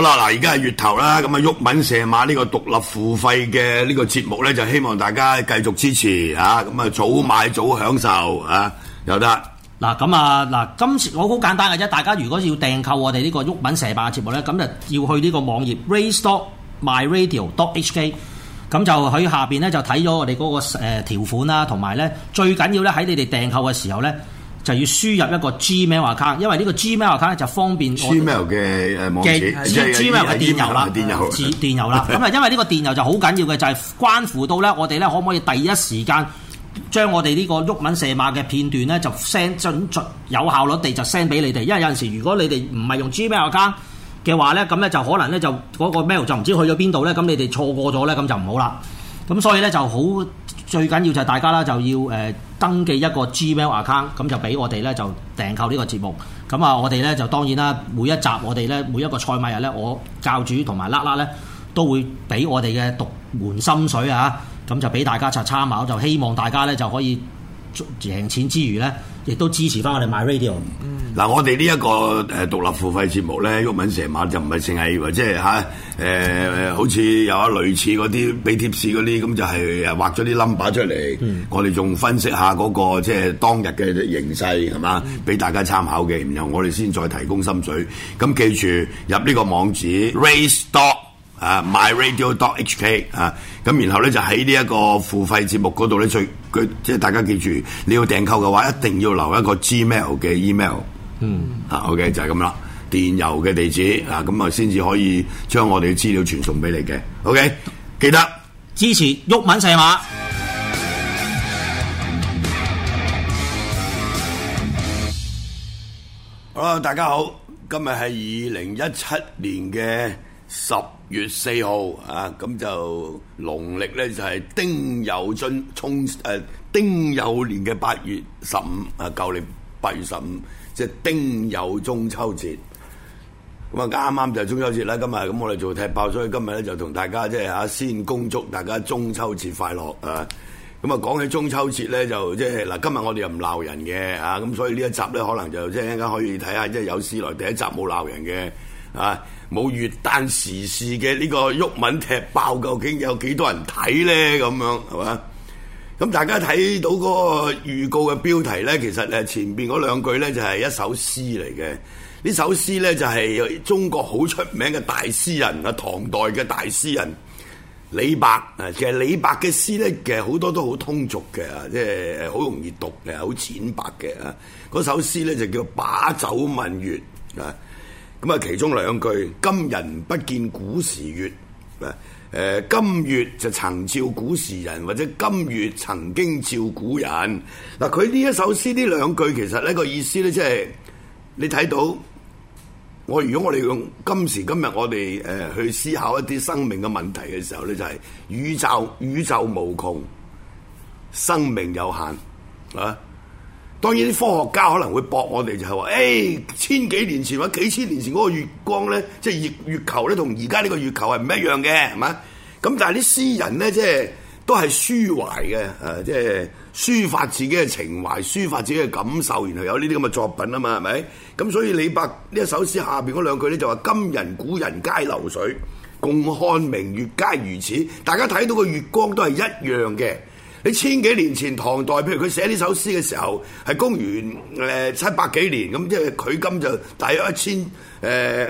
好啦，嗱，而家係月頭啦，咁啊，毓民射馬呢個獨立付費嘅呢個節目呢，就希望大家繼續支持嚇，咁啊早買早享受嚇，有得嗱，咁啊嗱、啊，今次我好簡單嘅啫，大家如果要訂購我哋呢個毓民射馬嘅節目呢，咁就要去呢個網頁 raystockmyradio.hk，咁就喺下邊呢、那個，就睇咗我哋嗰個誒條款啦、啊，同埋呢，最緊要呢，喺你哋訂購嘅時候呢，就要輸入一個 Gmail account，因為呢個 Gmail account 就方便 Gmail 嘅誒網嘅 G Gmail 嘅電郵啦，電郵啦。咁啊、uh， 因為呢個電郵就好緊要嘅，就係、是、關乎到咧，我哋咧可唔可以第一時間將我哋呢個鬱文射馬嘅片段咧，就 send 準準有效率地就 send 俾你哋。因為有陣時，如果你哋唔係用 Gmail account 嘅話咧，咁咧就可能咧就嗰個 mail 就唔知去咗邊度咧，咁你哋錯過咗咧，咁就唔好啦。咁所以咧就好。最緊要就係大家啦，就要誒登記一個 Gmail account，咁就俾我哋咧就訂購呢個節目。咁啊，我哋咧就當然啦，每一集我哋咧每一個賽馬日咧，我教主同埋拉拉咧都會俾我哋嘅獨門心水啊，咁就俾大家一參考。就希望大家咧就可以贏錢之餘咧。亦都支持翻我哋 MyRadio。嗱、嗯，我哋呢一個誒獨立付費節目咧，毓民成晚就唔係淨係話即係吓誒好似有一類似啲俾貼士啲，咁就係誒畫咗啲 number 出嚟。嗯、我哋仲分析下、那個即係、就是、當日嘅形勢，係嘛，俾、嗯、大家參考嘅。然後我哋先再提供心水。咁記住入呢個網址，race 多。啊，myradio.hk 啊，咁然後咧就喺呢一個付費節目嗰度咧，最即係大家記住，你要訂購嘅話，一定要留一個 gmail 嘅 email。嗯，啊，OK，就係咁啦，電郵嘅地址啊，咁啊先至可以將我哋嘅資料傳送俾你嘅。OK，記得支持旭文細馬。l o 大家好，今日係二零一七年嘅。十月四號啊，咁就農曆咧就係丁酉春，冲誒、呃、丁酉年嘅八月十五啊，舊年八月十五，即係丁酉中秋節。咁啊啱啱就係中秋節啦，今日咁我哋做踢爆，所以今日咧就同大家即係吓先恭祝大家中秋節快樂啊！咁啊講起中秋節咧，就即係嗱，今日我哋又唔鬧人嘅啊，咁所以呢一集咧可能就即係一陣間可以睇下，即係有史來第一集冇鬧人嘅啊。冇月旦時事嘅呢個毓民踢爆，究竟有幾多人睇咧？咁樣係嘛？咁大家睇到嗰個預告嘅標題咧，其實誒前邊嗰兩句咧就係一首詩嚟嘅。呢首詩咧就係中國好出名嘅大詩人啊，唐代嘅大詩人李白啊。其實李白嘅詩咧，其實好多都好通俗嘅，即係好容易讀嘅，好淺白嘅啊。嗰首詩咧就叫把酒問月啊。咁啊，其中兩句：今人不見古時月，嗱，誒，今月就曾照古時人，或者今月曾經照古人。嗱，佢呢一首詩呢兩句，其實呢個意思咧、就是，即係你睇到我。如果我哋用今時今日我，我哋誒去思考一啲生命嘅問題嘅時候咧，就係、是、宇宙宇宙無窮，生命有限，啊！當然啲科學家可能會駁我哋，就係話：誒、欸、千幾年前或者幾千年前嗰個月光呢，即係月球呢，同而家呢個月球係唔一樣嘅，係嘛？咁但係啲詩人呢，即係都係抒懷嘅，誒、啊，即係抒發自己嘅情懷，抒發自己嘅感受，然後有呢啲咁嘅作品啊嘛，係咪？咁所以李白呢一首詩下邊嗰兩句呢，就話今人古人皆流水，共看明月皆如此。大家睇到嘅月光都係一樣嘅。你千幾年前唐代，譬如佢寫呢首詩嘅時候，係公元誒、呃、七百幾年，咁即係佢今就大約一千誒、呃、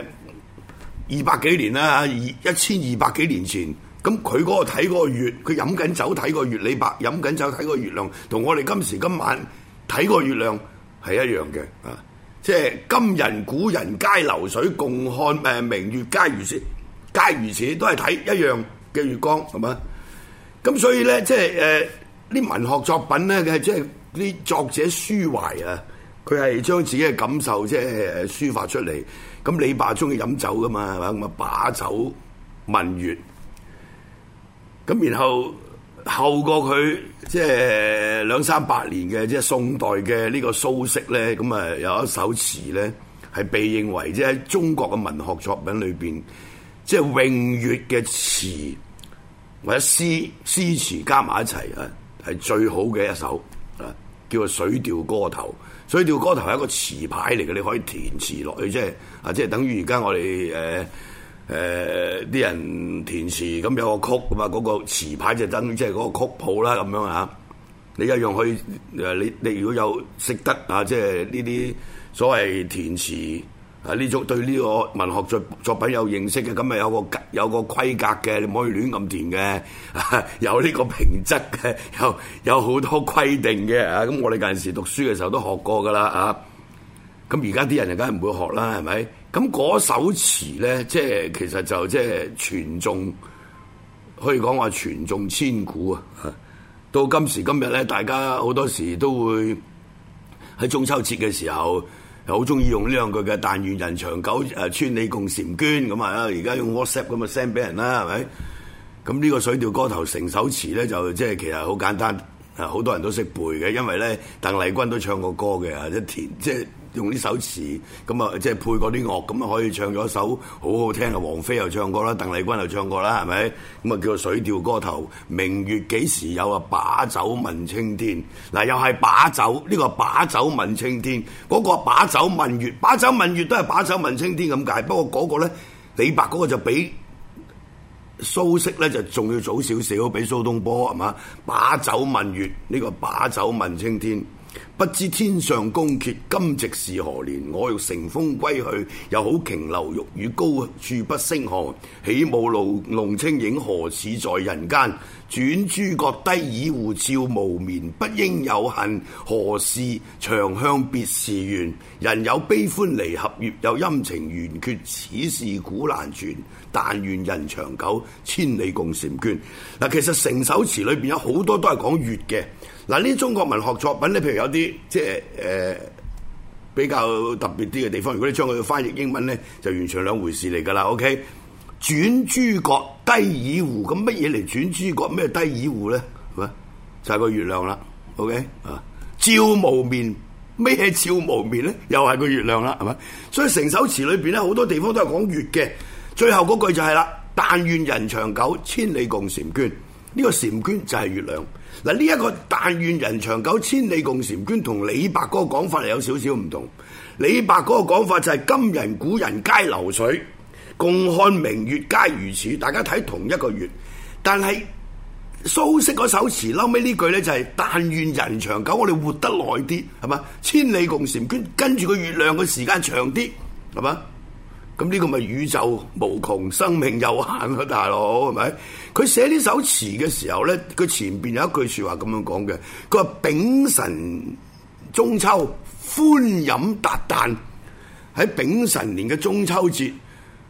二百幾年啦，一千二百幾年前，咁佢嗰個睇嗰個月，佢飲緊酒睇個月，李白飲緊酒睇個月亮，同我哋今時今晚睇個月亮係一樣嘅，啊，即係今人古人皆流水，共看誒明月皆如此，皆如此都係睇一樣嘅月光，係咪？咁所以咧，即係誒，啲、呃、文學作品咧，佢即係啲作者抒懷啊，佢係將自己嘅感受即係抒發出嚟。咁李白中意飲酒噶嘛，係咪？咁啊把酒問月。咁然後後過佢即係兩三百年嘅，即係宋代嘅呢個蘇軾咧，咁啊有一首詞咧，係被認為即係中國嘅文學作品裏邊，即係詠月嘅詞。或者詩詩詞加埋一齊啊，係最好嘅一首啊，叫做《水調歌頭》。《水調歌頭》係一個詞牌嚟嘅，你可以填詞落去，即係啊，即係等於而家我哋誒誒啲人填詞咁有個曲噶嘛，嗰個詞牌就等於即係嗰個曲譜啦咁樣嚇。你一樣可以誒，你你如果有識得啊，即係呢啲所謂填詞。啊！呢種對呢個文學作作品有認識嘅，咁、嗯、咪有個有個規格嘅，你唔可以亂咁填嘅，有呢個平仄嘅，有有好多規定嘅啊！咁我哋近時讀書嘅時候都學過噶啦啊！咁而家啲人梗係唔會學啦，係咪？咁、啊、嗰、那個、首詞咧，即係其實就即係傳頌，可以講話傳頌千古啊！到今時今日咧，大家好多時都會喺中秋節嘅時候。好中意用呢兩句嘅，但願人長久，誒，千里共嬋娟咁啊！而家用 WhatsApp 咁啊 send 俾人啦，係咪？咁呢個水調歌頭成首詞咧，就即係其實好簡單，啊好多人都識背嘅，因為咧鄧麗君都唱過歌嘅，即填即。用呢首詞咁啊，即係配嗰啲樂，咁啊可以唱咗一首好好聽嘅。王菲又唱過啦，鄧麗君又唱過啦，係咪？咁啊叫做水調歌頭，明月幾時有啊？把酒問青天。嗱，又係把酒呢個把酒問青天，嗰、嗰個把酒問月，把酒問月都係把酒問青天咁解。不過嗰個咧，李白嗰個就比蘇軾咧就仲要早少少，比蘇東坡係嘛。把酒問月呢、呢個把酒問青天。不知天上宮闕，今夕是何年？我欲乘風歸去，又恐瓊樓玉宇，雨高處不勝寒。起舞弄弄清影，何似在人間？轉朱閣低倚戶，以互照無眠。不應有恨，何事長向別時圓？人有悲歡離合月，月有陰晴圓缺，此事古難全。但願人長久，千里共嬋娟。嗱，其實成首詞裏邊有好多都係講月嘅。嗱，呢啲中國文學作品咧，譬如有啲即係誒、呃、比較特別啲嘅地方，如果你將佢翻譯英文咧，就完全兩回事嚟㗎啦。O、okay? K，轉朱閣，低綺戶，咁乜嘢嚟轉朱閣咩低綺戶咧？係咪？就係、是、個月亮啦。O K，啊，照無眠咩照無眠咧？又係個月亮啦，係咪？所以成首詞裏邊咧，好多地方都係講月嘅。最後嗰句就係、是、啦，但願人長久，千里共嬋娟。呢、這個嬋娟就係月亮。嗱，呢一、這個但願人長久，千里共嬋娟，李同李白嗰個講法係有少少唔同。李白嗰個講法就係今人古人皆流水，共看明月皆如此。大家睇同一個月但，但係蘇軾嗰首詞嬲尾呢句呢、就是，就係但願人長久，我哋活得耐啲，係嘛？千里共嬋娟，跟住個月亮嘅時間長啲，係嘛？咁呢個咪宇宙無窮，生命有限咯，大佬係咪？佢寫呢首詞嘅時候咧，佢前邊有一句説話咁樣講嘅，佢話：丙辰中秋，歡飲達旦。喺丙辰年嘅中秋節，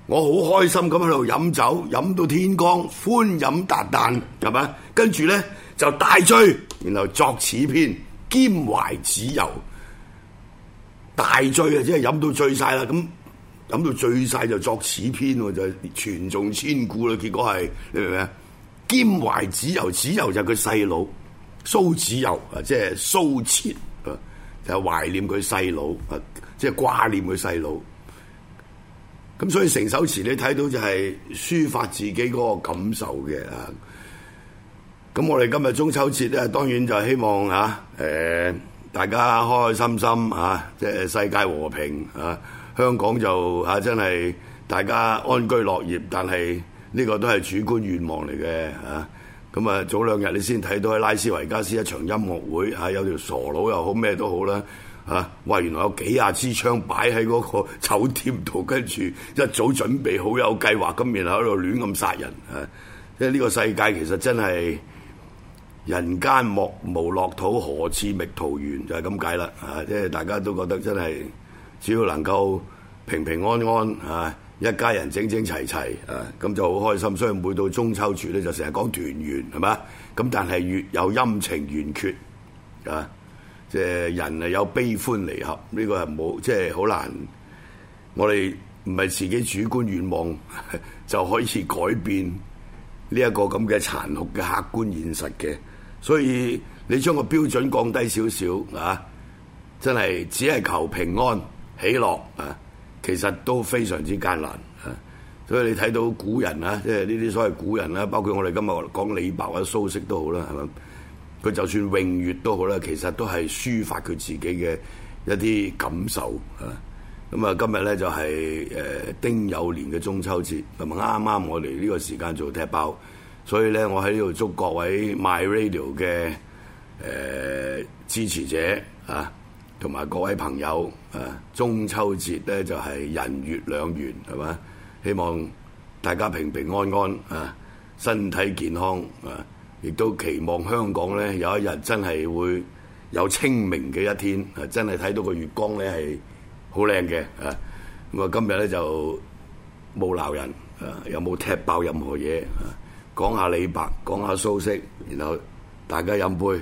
我好開心咁喺度飲酒，飲到天光，歡飲達旦係咪？跟住咧就大醉，然後作此篇，兼懷子由。大醉啊，即係飲到醉晒啦，咁。諗到最細就作此篇喎，就係傳頌千古啦。結果係你明唔明啊？兼懷子由，子由就係佢細佬蘇子由啊，即係蘇轍啊，就係懷念佢細佬啊，即係掛念佢細佬。咁所以成首詞你睇到就係抒發自己嗰個感受嘅啊。咁我哋今日中秋節咧，當然就希望啊，誒，大家開開心心啊，即係世界和平啊。香港就嚇、啊、真係大家安居樂業，但係呢個都係主觀願望嚟嘅嚇。咁啊，早、啊、兩日你先睇到喺拉斯維加斯一場音樂會嚇、啊，有條傻佬又好咩都好啦嚇，喂、啊、原來有幾廿支槍擺喺嗰個酒店度，跟住一早準備好有計劃，咁然後喺度亂咁殺人啊！即係呢個世界其實真係人間莫無樂土，何似覓桃源就係咁解啦嚇。即、啊、係、啊就是、大家都覺得真係。只要能夠平平安安啊，一家人整整齊齊啊，咁就好開心。所以每到中秋節咧，就成日講團圓，係嘛？咁但係月有陰晴圓缺啊，即係人啊有悲歡離合，呢個係冇即係好難。我哋唔係自己主觀願望 就可以開始改變呢一個咁嘅殘酷嘅客觀現實嘅。所以你將個標準降低少少啊，真係只係求平安。喜樂啊，其實都非常之艱難啊，所以你睇到古人啊，即係呢啲所謂古人啦，包括我哋今日講李白或者蘇軾都好啦，係嘛？佢就算詠月都好啦，其實都係抒發佢自己嘅一啲感受啊。咁、嗯、啊，今日咧就係、是、誒、呃、丁酉年嘅中秋節，同埋啱啱我哋呢個時間做踢爆，所以咧我喺呢度祝各位 MyRadio 嘅誒、呃、支持者啊！同埋各位朋友，啊，中秋節咧就係人月兩圓，係嘛？希望大家平平安安啊，身體健康啊，亦都期望香港咧有一日真係會有清明嘅一天啊，真係睇到個月光咧係好靚嘅啊！我今日咧就冇鬧人啊，又冇踢爆任何嘢啊，講下李白，講下蘇軾，然後大家飲杯。